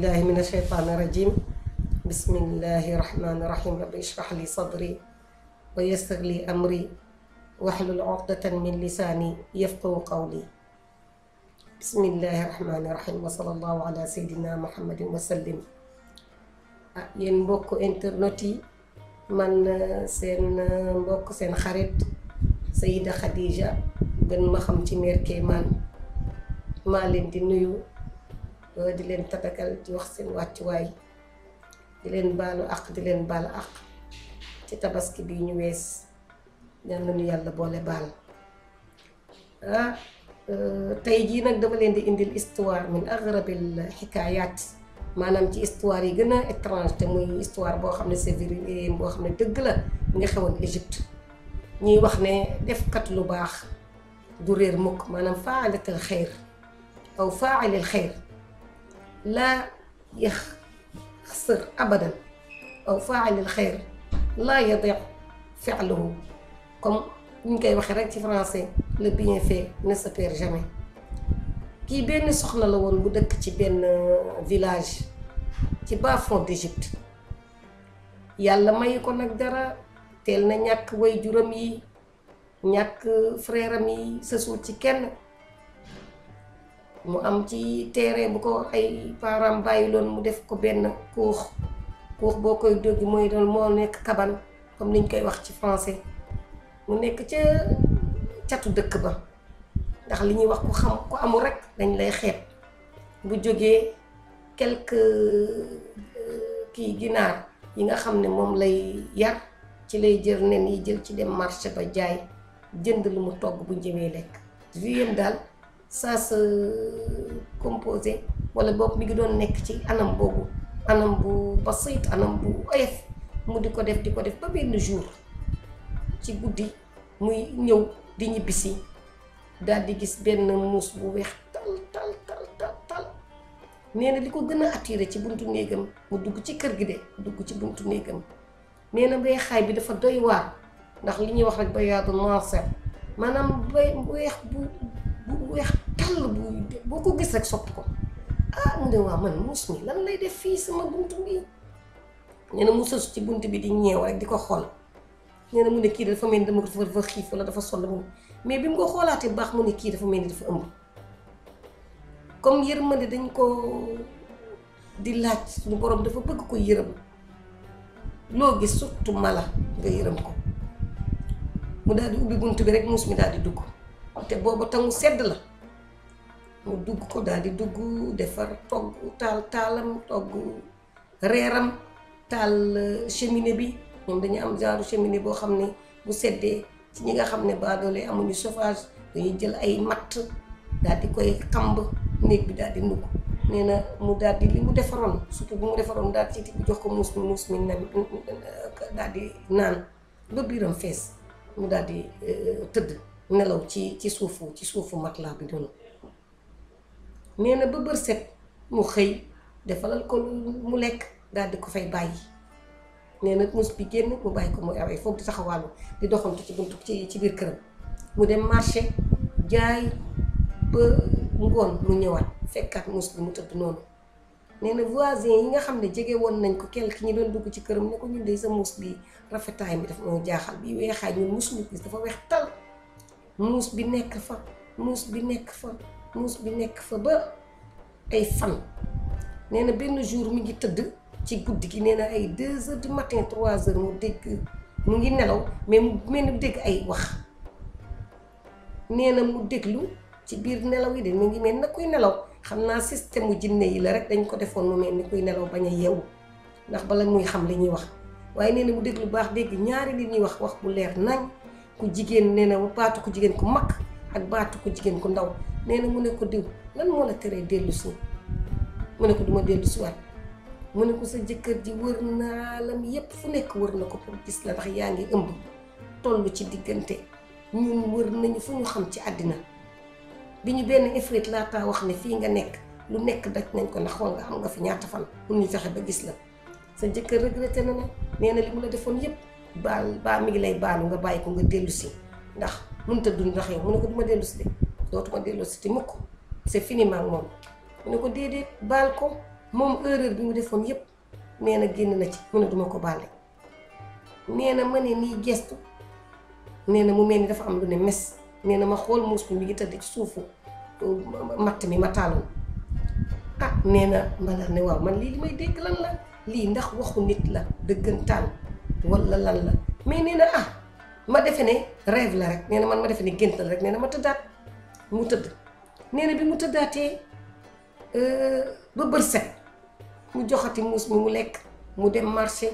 بالله من الشيطان الرجيم بسم الله الرحمن الرحيم رب اشرح لي صدري ويسر لي أمري واحلل عقدة من لساني يفقه قولي بسم الله الرحمن الرحيم وصلى الله على سيدنا محمد وسلم ين آه، mbokk انترنتي من سين seen سين خريط سيده خديجه Khadija ما خمتي xam ci Mère Kémane maa leen di leen tabagal di wax seen wàccuwaay di leen baalu àq di leen baal àq ci tabaski bi ñu wees ñaan nañu yàlla boole baal ah tey jii nag dama leen di indil histoire min aghrabil xikaayaat maanaam ci histoire yi gën a étrange te muy histoire boo xam ne c'est vrai boo xam ne dëgg la mu ngi xewoon Égypte ñuy wax ne defkat lu baax du réer mukk maanaam faalatal xeyr aw faalil xeyr لا يخسر ابدا او فاعل الخير لا يضيع فعله كم نين كاي واخ رانتي فرانسي لو بيان في نسبير جامي كي بن سخنا لا وون بو دك تي بن فيلاج تي بافون ديجيبت يالا ماي كو نك دارا تيل نا نياك واي جورامي نياك فريرامي سسو تي كين mu am ci terrain bu ko ay parents bàyyi loon mu def ko benn kuux kuux boo koy dégg mooy doon moo nekk kaban comme ñu koy wax ci français mu nekk ca catu dëkk ba ndax li ñuy wax ku xam ku amul rek dañ lay xeet bu jógee quelque euh, kii ginaar yi nga xam ne moom lay yar ci lay jël nen yi jël ci dem marché ba jaay jënd lu mu togg bu njëmee lekk viem daal ça se composé wala bopp mi ngi doon nekk ci anam boobu anam bu basit anam bu oyof mu di ko def di ko def ba benn jour ci guddi muy ñëw di ñibbisi daal di gis benn muus bu weex tal tal tal tal tal nee li ko gën a attiré ci buntu néegam mu dugg ci kër gi de dugg ci buntu néegam nee na weexaay bi dafa doy waar ndax li ñuy wax rek ba yaatu noir maanaam bay weex bu bu weex tàll bu boo ko gis rek sopp ko ah mu de waa man muus mi lan lay def fii sama bunt bi nee na mu sësu ci bunt bi di ñeew rek di ko xool nee na mu ne kii dafa mel ni dama ko dafa xiif wala dafa sonn mu mais bi mu ko xoolaatee bu baax mu ne kii dafa mel ni dafa ëmb comme yërmande dañ ko di laaj suñu borom dafa bëgg ko yërëm loo gis surtout mala nga yërëm ko mu daal di ubbi bunt bi rek muus mi daal di dugg te boobu tangu sedd la mu dugg ko daal di dugg defar togg tal talam, togg reram, tal eh, cheminée bi ñoom dañu am jaru cheminée bo xam bu seddee ci ñi nga xam ba baadoole amuñu chauffage dañu jël ay mat daal di koy xamb neeg bi di nugg nee na mu daal di limu mu defaroon bu mu defaroon dal ci jox ko mus mi muus mi nan di naan ba biram fess mu daal di eh, tëdd nelaw ci ci suufu ci suufu matelas bi noonu nee na ba bër set mu xëy defalal ko mu lekk daal di ko fay bàyyi nee na mus bi génn mu bàyyi ko mu awee foofu di taxawàllu di doxantu ci buntu ci ci biir këram mu dem marché jaay ba ngoon mu ñëwaat fekkaat mus bi mu tëdd noonu nee na voisin yi nga xam ne jege woon nañ ko kenn ki ñu doon dugg ci këram ne ko ñun sa mus bi rafetaay bi daf ñoo jaaxal bi weexaay ñun musuñu gis dafa weex tal muus bi nek fa muus bi nek fa muus bi nek fa ba ay fan neena ben jour mi ngi teud ci goudi gi neena ay 2h du matin 3h mu deg mu ngi nelaw mais mu men deg ay wax neena mu deglu ci bir nelaw yi de mu ngi men na kuy nelaw xamna naa système mu jinne yi la rek dañ ko defon mu men ni kuy nelaw baña yew ndax bala muy xam li ñi wax waye neena mu deglu bax deg ñaari li ñi wax wax bu leer nañ ku jigéen nee na baatu ku jigéen ku mag ak baatu ku jigéen ku ndaw nee na mu ne ko diw lan moo la teree dellu si mu ne ko duma dellu si mu ne ko sa jëkkër ji wër naa lam yëpp fu nekk wër na ko pour gis la ndax yaa ngi ëmb toll ci diggante ñun wër nañu fu ñu xam ci àddina bi ñu benn ifrit laataa wax ne fii nga nekk lu nekk daj nañ ko ndax xool nga am nga fi ñaata fan mun ñu fexe ba gis la sa jëkkër regretté na na nee na li mu la defoon yépp baal baa mi ngi lay baalu nga bàyyi ko nga dellusi ndax mënut a dund ndax yow mu na ko du ma dellu si de dootuma dellu si te mukk c'est fini maag moom mu ne ko déedéet baal ko moom erreur bi mu defoon yépp nee na génn na ci mu ne duma ko baale nee na ma ne nii gestu nee na mu mel ni dafa am lu ne mes nee na ma xool muus bi mi ngi tëdd ci suufu uh, matt mi ma taaloon ah nee na ma ne waaw man lii li may dégg lan la lii ndax waxu nit la dëggantaan wala lan la mais nee na ah ma defe ne rêve la rek nee man ma defe ne gént la rek nee ma tëddaat mu tëdd nee bi mu tëddaatee euh, ba bër set mu joxati muus mi mu lekk mu dem marché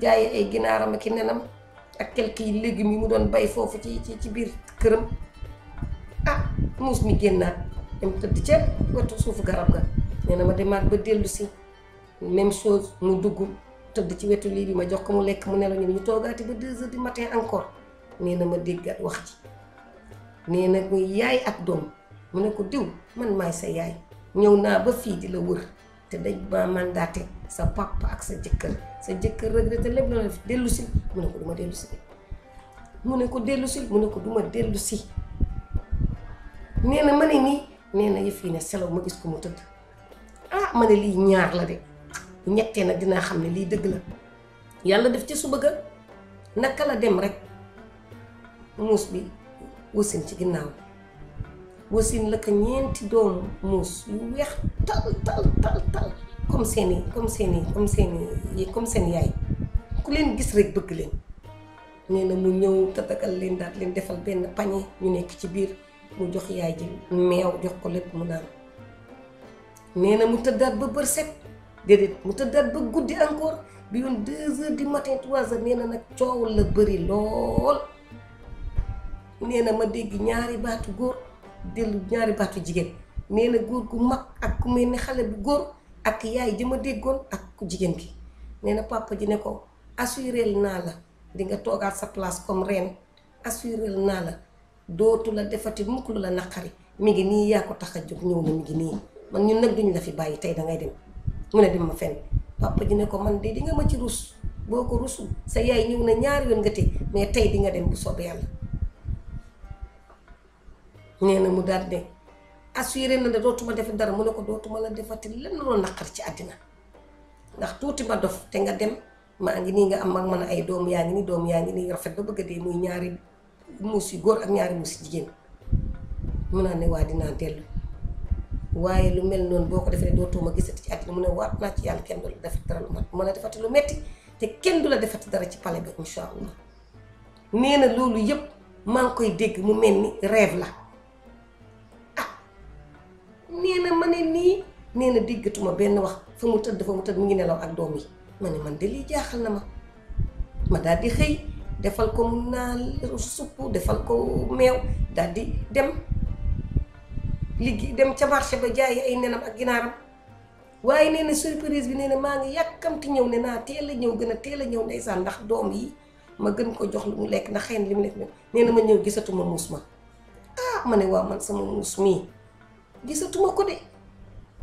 jaayi ay ginaaram ak i nenam ak quelques yi légumes yi mu doon bay foofu ci ci ci biir këram ah muus mi génnaat mu tëdd ca wetu suufu garab ga nee ma demaat ba dellusi si même mu dugg tëdd ci wetu li bi ma jox ko mu lek mu nelaw ñu ñu togaati ba 2 heures du matin encore nee ma déggaat wax ci nee ko yaay ak doom mu ne ko diw man may sa yaay ñew na ba fi di la wër te dañ ma mandaté sa papa ak sa jëkkeur sa jëkkeur regretté lepp la def ci mu ne ko duma dellu ci mu ne ko dellu ci mu ne ko duma dellu ci nee mané ma ne nii nee na yëf selaw ma gis ko mu tëdd ah ma li ñaar la de bu ñettee nag dinaa xam ne lii dëgg la yàlla def ci su bëgga naka la dem rek muus bi wasin ci ginnaaw wasin la ko ñeenti doomu muus yu weex tal tal tal tal comme seeni comme seeni comme seeni comme seen yaay ku leen gis rek bëgg leen nee na mu ñëw tatagal leen daal leen defal benn pañe ñu nekk ci biir mu jox yaay ji meew jox ko lépp mu naan nee na mu tëddaat ba bër set dedet mu tëddaat ba goudi encore bi yon 2h du matin 3h nena nak ciow coow la bëri lool nee ma deg ñaari batu gor dellu ñaari batu jigen nena gor gu mak ak ku melni xale bu gor ak yaay ji degon ak ku jigen ki nena papa ji ne ko assurerel na la di nga togal sa place comme reine assurerel na la dotu la defati muklu la nakari mi ngi ni ya ko taxajuk a mi ngi ni man ñun nak duñ la fi bayyi tay da ngay dem mu ne dem ma fenn papa ji ne ko man de di nga ma ci rus boo ko rusul sa yaay ñëw na ñaari yoon nga tey mais tey di nga dem bu soobee yàlla nee na mu daal ne assuré na ne dootuma def dara mu ne ko dootuma la defati lenn loolu naqar ci àddina ndax tuuti ma dof te nga dem maa ngi nii nga am ak man ay doom yaa ngi ni doom yaa ngi nii rafet ba bëgg a dee muy ñaari muus yu góor ak ñaari muus yu jigéen mu naa ne waa dinaa dellu waaye lu mel noonu boo ko defee dootuma gisati ci àddina mu ne waat naa ci yàlla kenn du la defati dara lu mat mën a defati lu metti te kenn du la defati dara ci pale bi incha allah nee na loolu yëpp maa ngi koy dégg mu mel ni reef la ah nee na ma ne nii nee na déggatuma benn wax fa mu tëdd fa mu tëdd mu ngi nelaw ak doom yi ma ne man de lii jaaxal na ma ma daal di xëy defal ko mun naa supp defal ko meew daal di dem. liggéey dem ca marché ba jaay ay nenam ak ginaaram waaye nee na surprise bi nee na maa ngi yàkkamti ñëw ne naa teel a ñëw gën a teel a ñëw ndeysaan ndax doom yi ma gën ko jox lu mu lekk ndax xëy na li mu lekk nee na ma ñëw gisatuma muus ah, ma ne waaw man sama muus mii gisatuma ko de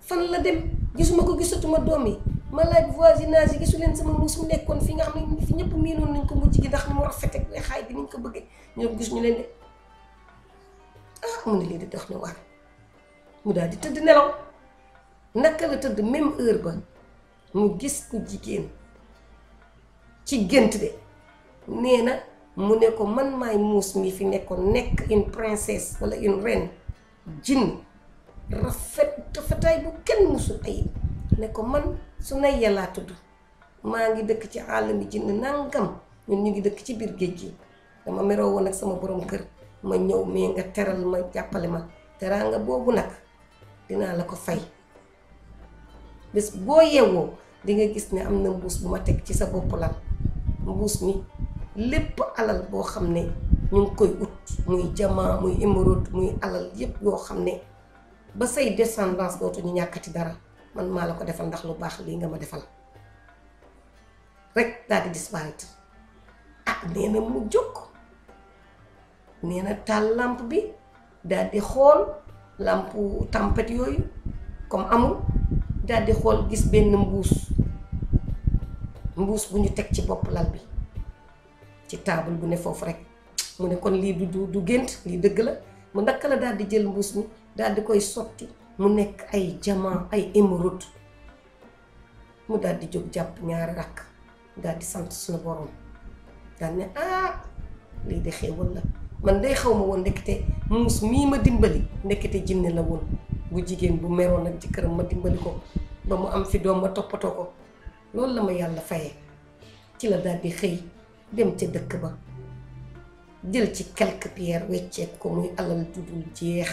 fan la dem gisuma ko gisatuma doom yi ma laaj voisinage yi gisu leen sama muus mu nekkoon fi nga xam ne fi ñëpp miinoon nañ ko mujj gi ndax ni mu rafet ak weexaay bi niñ ko bëggee ñoom gis ñu leen de ah mu ne lii de dox na waar mu di tëdd nelaw nak la tëdd même heure ba mu gis ku jigen ci gënt de nee na mu ne ko man may mous mi fi nekkoon nek une princesse wala une reine jinn rafet rafetai bu kenn musul ay ne ko man suna yalla tudd ma ngi dëkk ci alam jinn nangam ñun ñu ngi dëkk ci bir géej gi dama ak sama borom kër ma ñew mais nga teral ma jàppale ma teranga bobu nak dina la ko fay bes bo yeewoo di nga gis ne am mbuss buma tek ci sa bop la mbuss mi lepp alal bo xamne ñu koy ut muy jama, muy imrut muy alal yep yo xamne ba say descendance ñu ñakati dara man maa la ko defal ndax lu bax li nga ma defal rek dal di disparaître ak ah, neena mu jóg neena na bi dal di xol làmp tempête yooyu comme amul daal di xool gis benn mbuus mbuus bu ñu teg ci bopp lal bi ci taabul bu ne foofu rekk mu ne kon lii du du gént lii dëgg la mu naka la daal di jël mbuus mi daal di koy sotti mu nekk ay diamant ay émeraude mu daal di jóg jàpp ñaari rakk daal di sant suñu borom daal ne ah lii de xéewal la man day xaw ma woon ndekete muus mii ma dimbali ndekete jinne la woon bu jigéen bu meroon ak jëkkëram ma dimbali ko ba mu am fi doom ma toppatoo ko loolu la ma yàlla fayee ci la daal di xëy dem ca dëkk ba dël ci quelque pierre wecceet ko muy alal judul jeex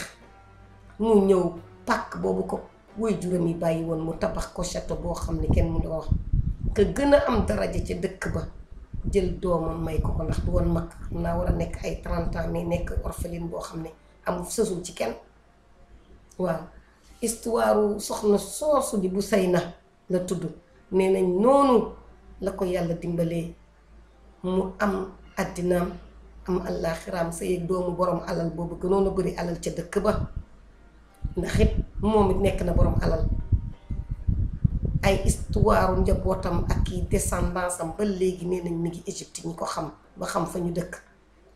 mu ñëw pàkk boobu ko woy juróom yi bàyyi woon mu tabax ko château boo xam ne kenn mu la wax ka gën a am daraja ca dëkk ba jël doomam may ko ko ndax du mag naa war a nekk ay 30 ans nekk orpheline boo xam ne amul sësul ci kenn waaw histoire soxna soosu di bu say na la tudd nee nañ noonu la ko yàlla dimbalee mu am àddinaam am àllaaxiraam say doomu borom alal boobu gënoon a bëri alal ca dëkk ba ndax moom it nekk na borom alal ay histoire njabootam ak i descendance am ba léegi nee nañ mi ngi Égypte ñi ko xam ba xam fa ñu dëkk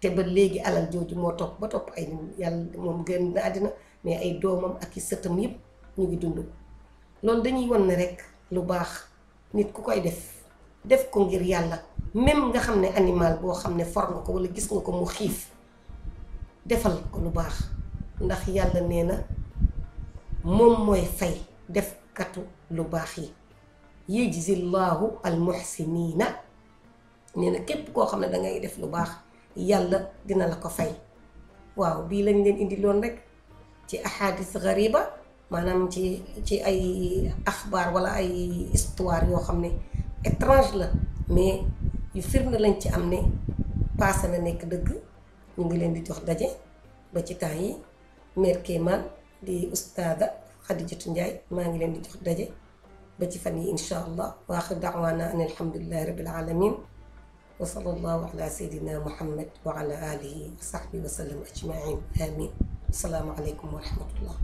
te ba léegi alal jooju moo topp ba topp ay yàlla moom gën na àddina mais ay doomam ak i sëtam yëpp ñu ngi dund loolu dañuy wan rek lu baax nit ku koy def def ko ngir yàlla même nga xam ne animal boo xam ne for nga gis nga ko mu xiif defal ko lu baax ndax yàlla nee na moom mooy fay def katu lu baax yi yejzillahu almuhsiniina nee na képp koo xam ne dangay def lu baax yàlla dina la ko fay waaw bii lañ leen indiloon loon rek ci ahadis gariba maanaam ci ci ay axbaar wala ay histoire yoo xam ne étrange la mais yu firnde lañ ci am ne passé la nekk dëgg ñu ngi leen di jox daje ba ci temps yi mère di ustada Xadijatu Njaay maa ngi leen di jox daje ba ci fan yi insha allah wa axir daawaana an alhamdulilahi rabbil alamin wa sallallahu ala sayidina muhammad wa ala alihi wa sahbihi wa sallam ajmain amin asalaamu aleykum wa rahmatullah